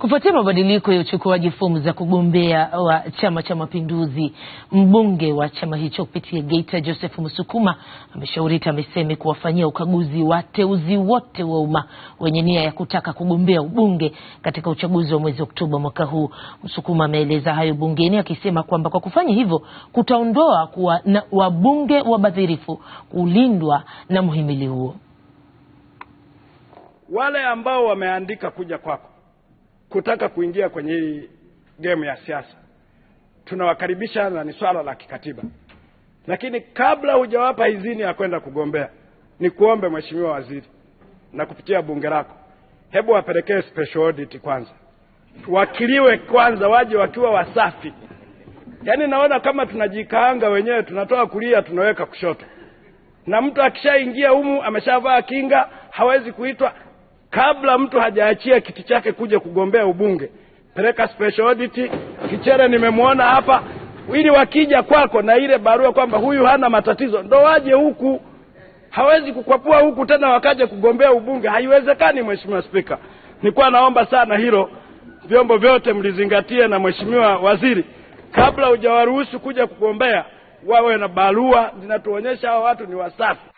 Kufuatia mabadiliko ya uchukuaji fomu za kugombea wa Chama cha Mapinduzi, mbunge wa chama hicho kupitia Geita Joseph msukuma ameshauri TAMISEMI kuwafanyia ukaguzi wateuzi wote wa umma wenye nia ya kutaka kugombea ubunge katika uchaguzi wa mwezi Oktoba mwaka huu. msukuma ameeleza hayo bungeni akisema kwamba kwa kufanya hivyo kutaondoa kuwa na wabunge wabadhirifu kulindwa na muhimili huo. Wale ambao wameandika kuja kwako kutaka kuingia kwenye hii gemu ya siasa. Tunawakaribisha na ni swala la kikatiba, lakini kabla hujawapa izini ya kwenda kugombea, ni kuombe mweshimiwa Waziri na kupitia bunge lako, hebu wapelekee special audit kwanza, wakiliwe kwanza, waje wakiwa wasafi. Yaani naona kama tunajikaanga wenyewe, tunatoa kulia tunaweka kushoto, na mtu akishaingia humu ameshavaa kinga, hawezi kuitwa kabla mtu hajaachia kiti chake kuja kugombea ubunge peleka special audit kichere nimemwona hapa ili wakija kwako na ile barua kwamba huyu hana matatizo ndo waje huku hawezi kukwapua huku tena wakaja kugombea ubunge haiwezekani mheshimiwa spika nilikuwa naomba sana hilo vyombo vyote mlizingatie na mheshimiwa waziri kabla hujawaruhusu kuja kugombea wawe na barua zinatuonyesha hawa watu ni wasafi